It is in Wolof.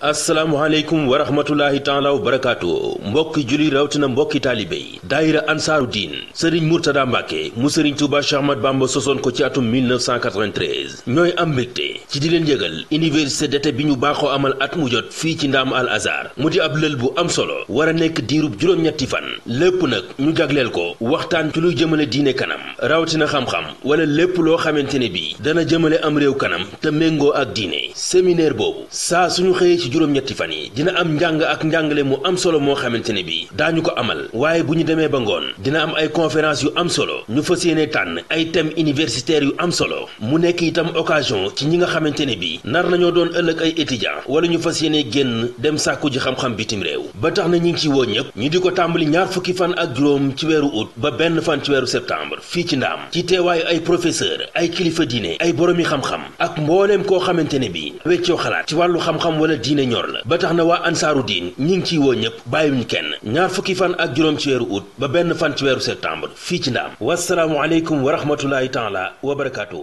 asalaamaaleykum wa rahmatulahi taala wa barakaatu mbokki julli rawatina mbokki taalibe yi daayira ansaaru diin sëriñ murtada mbàkke mu sëriñ tuuba cheikh ahmad bamba sosoon ko ci atum 1993 ñooy am mbégte ci di leen yëgal université d'été bi ñu baaxoo amal at mu jot fii ci ndaam al azar mu di ab lël bu am solo war a nekk diirub juróom-ñetti fan lépp nag ñu jagleel ko waxtaan ci luy jëmale diine kanam rawatina xam-xam wala lépp loo xamante ne bi dana jëmale am réew kanam méngoo ak diine séminaire boobu ci juróom-ñetti fan yi dina am njàng ak njàngale mu am solo moo xamante ne bi daañu ko amal waaye bu ñu demee ba ngoon dina am ay conférence yu am solo ñu fas yéene tànn ay thèmes universitaires yu am solo mu nekk itam occasion ci ñi nga xamante ne bi nar nañoo doon ëllëg ay étudiants wala ñu fas yéene génn dem sàkku ji xam-xam bitim réew ba tax na ñi ngi ci woo ñëpp ñu di ko tàmbali ñaar fukki fan ak juróom ci weeru août ba benn fan ci weeru septembre fii ci ndaam ci teewaayu ay professeur ay kilifa diine ay boroomi xam-xam ak mbooleem koo xamante ne bi weccoo diine ñor la ba tax na waa ansaaru diin ñi ngi ciy woo ñëpp bàyyiwuñ kenn ñaar fukki fan ak juróom ci weeru août ba benn fan ci weeru septembre fii ci ndaam wasalaamualeykum wa rahmatulahi taala wa barakaatu